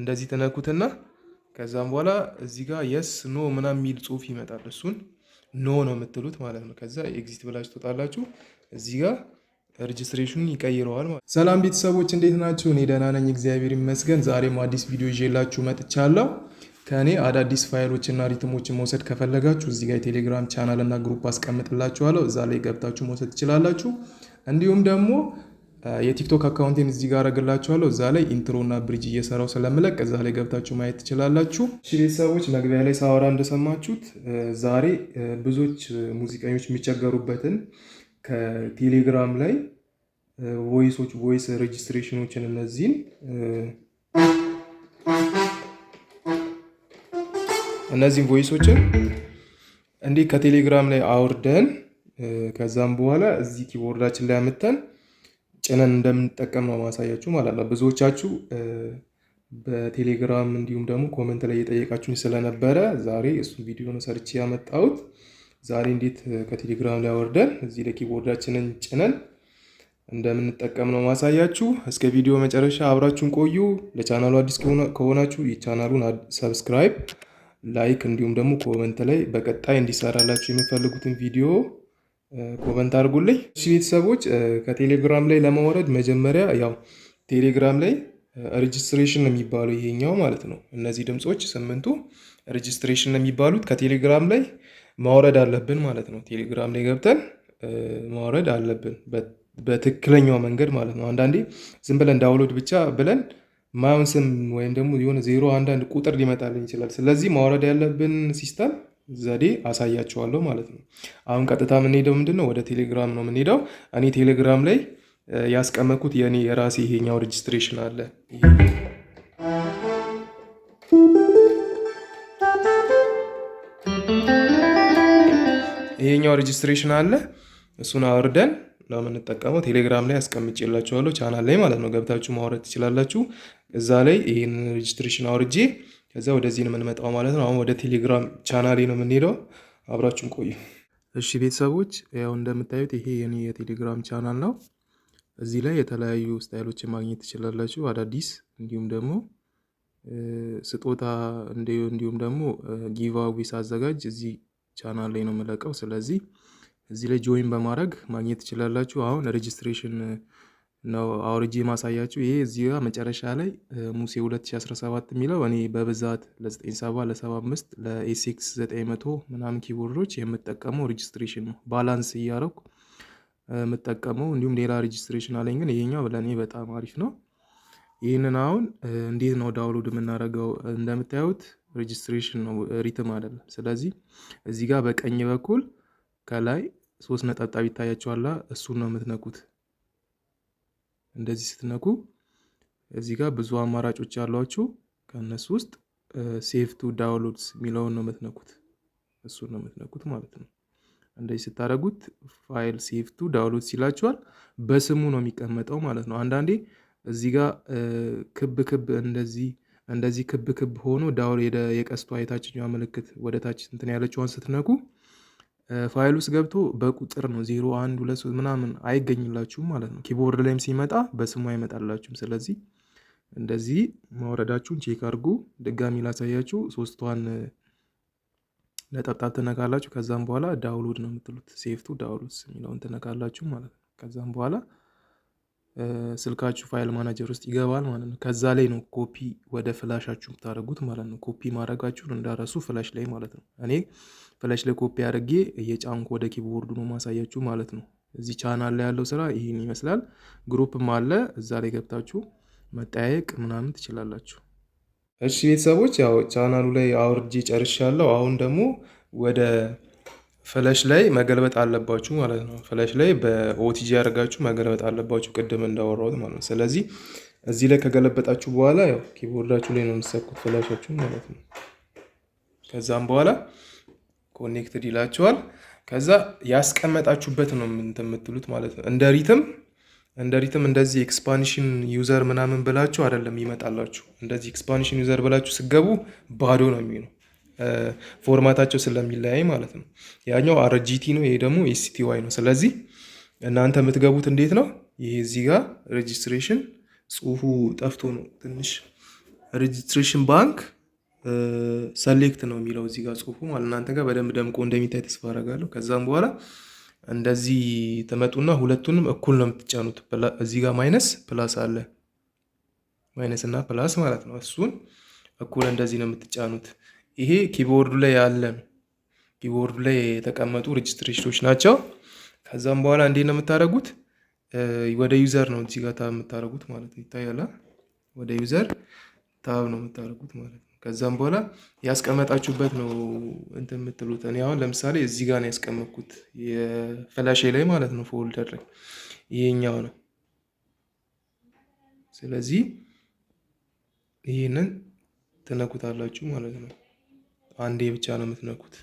እንደዚህ ትነኩትና ከዛም በኋላ እዚህ ጋር የስ ኖ ምናም የሚል ጽሁፍ ይመጣል። እሱን ኖ ነው የምትሉት ማለት ነው። ከዛ ኤግዚት ብላችሁ ትወጣላችሁ። እዚህ ጋር ሬጅስትሬሽኑን ይቀይረዋል ማለት ነው። ሰላም ቤተሰቦች እንዴት ናቸው? እኔ ደህና ነኝ እግዚአብሔር ይመስገን። ዛሬም አዲስ ቪዲዮ ይዤላችሁ መጥቻለሁ። ከእኔ አዳዲስ ፋይሎችና ሪትሞችን መውሰድ ከፈለጋችሁ እዚህ ጋር የቴሌግራም ቻናል እና ግሩፕ አስቀምጥላችኋለሁ። እዛ ላይ ገብታችሁ መውሰድ ትችላላችሁ። እንዲሁም ደግሞ የቲክቶክ አካውንቴን እዚህ ጋር አረግላችኋለሁ። እዛ ላይ ኢንትሮ እና ብሪጅ እየሰራው ስለምለቅ እዛ ላይ ገብታችሁ ማየት ትችላላችሁ። እሺ ቤተሰቦች፣ መግቢያ ላይ ሳወራ እንደሰማችሁት ዛሬ ብዙዎች ሙዚቀኞች የሚቸገሩበትን ከቴሌግራም ላይ ቮይሶች፣ ቮይስ ሬጅስትሬሽኖችን እነዚህን እነዚህን ቮይሶችን እንዲህ ከቴሌግራም ላይ አውርደን ከዛም በኋላ እዚህ ኪቦርዳችን ላይ አምተን ጭነን እንደምንጠቀም ነው ማሳያችሁ ማለት ነው። ብዙዎቻችሁ በቴሌግራም እንዲሁም ደግሞ ኮመንት ላይ እየጠየቃችሁኝ ስለነበረ ዛሬ እሱን ቪዲዮን ሰርቼ ያመጣሁት ዛሬ እንዴት ከቴሌግራም ላይ ወርደን እዚህ ለኪቦርዳችንን ጭነን እንደምንጠቀም ነው ማሳያችሁ። እስከ ቪዲዮ መጨረሻ አብራችሁን ቆዩ። ለቻናሉ አዲስ ከሆናችሁ የቻናሉን ሰብስክራይብ፣ ላይክ እንዲሁም ደግሞ ኮመንት ላይ በቀጣይ እንዲሰራላችሁ የምፈልጉትን ቪዲዮ ኮመንት አድርጉልኝ። እሺ ቤተሰቦች ከቴሌግራም ላይ ለማውረድ መጀመሪያ ያው ቴሌግራም ላይ ሬጅስትሬሽን የሚባለው ይሄኛው ማለት ነው። እነዚህ ድምፆች ስምንቱ ሬጅስትሬሽን የሚባሉት ከቴሌግራም ላይ ማውረድ አለብን ማለት ነው። ቴሌግራም ላይ ገብተን ማውረድ አለብን በትክክለኛው መንገድ ማለት ነው። አንዳንዴ ዝም ብለን ዳውንሎድ ብቻ ብለን ማየውን ስም ወይም ደግሞ የሆነ ዜሮ አንዳንድ ቁጥር ሊመጣልን ይችላል። ስለዚህ ማውረድ ያለብን ሲስተም ዘዴ አሳያቸዋለሁ ማለት ነው። አሁን ቀጥታ የምንሄደው ምንድን ነው? ወደ ቴሌግራም ነው የምንሄደው። እኔ ቴሌግራም ላይ ያስቀመጥኩት የኔ የራሴ ይሄኛው ሬጅስትሬሽን አለ። ይሄኛው ሬጅስትሬሽን አለ። እሱን አውርደን ነው የምንጠቀመው። ቴሌግራም ላይ አስቀምጬላችኋለሁ፣ ቻናል ላይ ማለት ነው። ገብታችሁ ማውረድ ትችላላችሁ። እዛ ላይ ይህን ሬጅስትሬሽን አውርጄ ከዛ ወደዚህ ነው የምንመጣው ማለት ነው። አሁን ወደ ቴሌግራም ቻናሌ ነው የምንሄደው። አብራችሁን ቆዩ። እሺ ቤተሰቦች፣ ያው እንደምታዩት ይሄ የኔ የቴሌግራም ቻናል ነው። እዚህ ላይ የተለያዩ ስታይሎችን ማግኘት ትችላላችሁ። አዳዲስ እንዲሁም ደግሞ ስጦታ እንዲሁም ደግሞ ጊቫዊ ሳዘጋጅ እዚህ ቻናል ላይ ነው የምለቀው። ስለዚህ እዚህ ላይ ጆይን በማድረግ ማግኘት ትችላላችሁ። አሁን ሬጅስትሬሽን ነው አውርጂ ማሳያችሁ። ይሄ እዚህ ጋር መጨረሻ ላይ ሙሴ 2017 የሚለው እኔ በብዛት ለ97 ለ75 ለኤሴክስ 900 ምናምን ኪቦርዶች የምጠቀመው ሬጅስትሬሽን ነው። ባላንስ እያረኩ የምጠቀመው እንዲሁም ሌላ ሬጅስትሬሽን አለኝ፣ ግን ይሄኛው ለእኔ በጣም አሪፍ ነው። ይህንን አሁን እንዴት ነው ዳውንሎድ የምናደርገው? እንደምታዩት ሬጅስትሬሽን ነው ሪትም አይደለም። ስለዚህ እዚህ ጋር በቀኝ በኩል ከላይ ሶስት ነጠብጣብ ይታያቸዋላ፣ እሱን ነው የምትነኩት። እንደዚህ ስትነኩ እዚህ ጋር ብዙ አማራጮች ያሏችሁ ከእነሱ ውስጥ ሴቭ ቱ ዳውንሎድስ የሚለውን ነው የምትነኩት። እሱን ነው የምትነኩት ማለት ነው። እንደዚህ ስታደረጉት ፋይል ሴቭ ቱ ዳውንሎድስ ይላችኋል። በስሙ ነው የሚቀመጠው ማለት ነው። አንዳንዴ እዚህ ጋር ክብ ክብ እንደዚህ እንደዚህ ክብ ክብ ሆኖ ዳውን የቀስቷ የታችኛዋ ምልክት ወደ ታች እንትን ያለችዋን ስትነኩ ፋይል ውስጥ ገብቶ በቁጥር ነው ዜሮ አንድ ሁለት ሶስት ምናምን አይገኝላችሁም ማለት ነው። ኪቦርድ ላይም ሲመጣ በስሙ አይመጣላችሁም። ስለዚህ እንደዚህ ማውረዳችሁን ቼክ አድርጉ። ድጋሚ ላሳያችሁ። ሶስቷን ነጠብጣብ ትነካላችሁ። ከዛም በኋላ ዳውንሎድ ነው የምትሉት ሴፍቱ ዳውንሎድስ የሚለውን ትነካላችሁ ማለት ነው። ከዛም በኋላ ስልካችሁ ፋይል ማናጀር ውስጥ ይገባል ማለት ነው። ከዛ ላይ ነው ኮፒ ወደ ፍላሻችሁ የምታደርጉት ማለት ነው። ኮፒ ማድረጋችሁን እንዳረሱ ፍላሽ ላይ ማለት ነው። እኔ ፍላሽ ላይ ኮፒ አድርጌ የጫንኩ ወደ ኪቦርዱ ነው ማሳያችሁ ማለት ነው። እዚህ ቻናል ላይ ያለው ስራ ይህን ይመስላል። ግሩፕም አለ እዛ ላይ ገብታችሁ መጠያየቅ ምናምን ትችላላችሁ። እሺ ቤተሰቦች ያው ቻናሉ ላይ አውርጄ ጨርሻለሁ። አሁን ደግሞ ወደ ፍለሽ ላይ መገልበጥ አለባችሁ ማለት ነው። ፍለሽ ላይ በኦቲጂ ያደርጋችሁ መገልበጥ አለባችሁ ቅድም እንዳወራሁት ማለት ነው። ስለዚህ እዚህ ላይ ከገለበጣችሁ በኋላ ያው ኪቦርዳችሁ ላይ ነው የምትሰኩት ፍላሻችሁን ማለት ነው። ከዛም በኋላ ኮኔክትድ ይላችኋል። ከዛ ያስቀመጣችሁበት ነው እንትን የምትሉት ማለት ነው። እንደ ሪትም እንደ ሪትም እንደዚህ ኤክስፓንሽን ዩዘር ምናምን ብላችሁ አይደለም ይመጣላችሁ። እንደዚህ ኤክስፓንሽን ዩዘር ብላችሁ ስገቡ ባዶ ነው የሚሆነው። ፎርማታቸው ስለሚለያይ ማለት ነው። ያኛው አርጂቲ ነው፣ ይሄ ደግሞ ኤስቲዋይ ነው። ስለዚህ እናንተ የምትገቡት እንዴት ነው? ይሄ እዚህ ጋር ሬጅስትሬሽን ጽሁፉ ጠፍቶ ነው ትንሽ። ሬጅስትሬሽን ባንክ ሰሌክት ነው የሚለው እዚህ ጋር ጽሁፉ ማለት እናንተ ጋር በደንብ ደምቆ እንደሚታይ ተስፋ አደርጋለሁ። ከዛም በኋላ እንደዚህ ትመጡና ሁለቱንም እኩል ነው የምትጫኑት። እዚህ ጋር ማይነስ ፕላስ አለ ማይነስ እና ፕላስ ማለት ነው። እሱን እኩል እንደዚህ ነው የምትጫኑት። ይሄ ኪቦርዱ ላይ ያለ ኪቦርዱ ላይ የተቀመጡ ሬጅስትሬሽኖች ናቸው። ከዛም በኋላ እንዴት ነው የምታደርጉት? ወደ ዩዘር ነው እዚህ ጋር ታብ የምታደርጉት ማለት ነው። ይታያል። ወደ ዩዘር ታብ ነው የምታደርጉት ማለት ነው። ከዛም በኋላ ያስቀመጣችሁበት ነው እንትን የምትሉት። እኔ አሁን ለምሳሌ እዚህ ጋር ነው ያስቀመጥኩት የፍላሼ ላይ ማለት ነው፣ ፎልደር ላይ ይሄኛው ነው። ስለዚህ ይህንን ትነኩታላችሁ ማለት ነው። አንዴ ብቻ ነው የምትነኩት።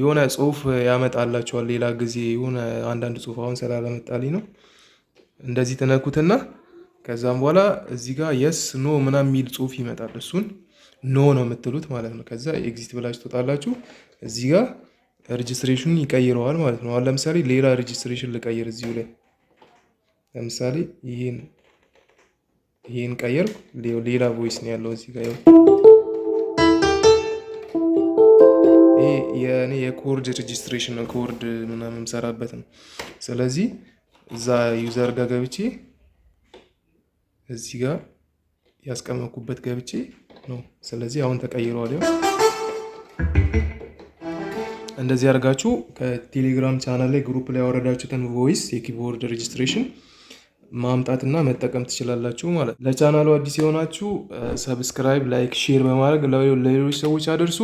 የሆነ ጽሁፍ ያመጣላቸዋል ሌላ ጊዜ የሆነ አንዳንድ ጽሁፍ አሁን ስላላመጣልኝ ነው። እንደዚህ ትነኩትና ከዛም በኋላ እዚህ ጋር የስ ኖ ምናምን የሚል ጽሁፍ ይመጣል። እሱን ኖ ነው የምትሉት ማለት ነው። ከዛ ኤግዚት ብላችሁ ትወጣላችሁ። እዚህ ጋር ሬጅስትሬሽኑን ይቀይረዋል ማለት ነው። አሁን ለምሳሌ ሌላ ሬጅስትሬሽን ልቀይር እዚሁ ላይ ለምሳሌ ይህን ይህን ቀየርኩ። ሌላ ቮይስ ነው ያለው እዚህ ጋር የእኔ የኮርድ ሬጅስትሬሽን ነው ኮርድ ምናምን የምሰራበት ነው። ስለዚህ እዛ ዩዘር ጋር ገብቼ እዚህ ጋር ያስቀመኩበት ገብቼ ነው። ስለዚህ አሁን ተቀይሯል። እንደዚህ አድርጋችሁ ከቴሌግራም ቻናል ላይ ግሩፕ ላይ ያወረዳችሁትን ቮይስ የኪቦርድ ሬጅስትሬሽን ማምጣትና መጠቀም ትችላላችሁ ማለት ነው። ለቻናሉ አዲስ የሆናችሁ ሰብስክራይብ፣ ላይክ፣ ሼር በማድረግ ለሌሎች ሰዎች አደርሱ።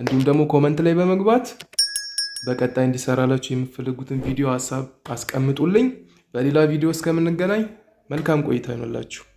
እንዲሁም ደግሞ ኮመንት ላይ በመግባት በቀጣይ እንዲሰራላችሁ የምትፈልጉትን ቪዲዮ ሀሳብ አስቀምጡልኝ። በሌላ ቪዲዮ እስከምንገናኝ መልካም ቆይታ ይኖላችሁ።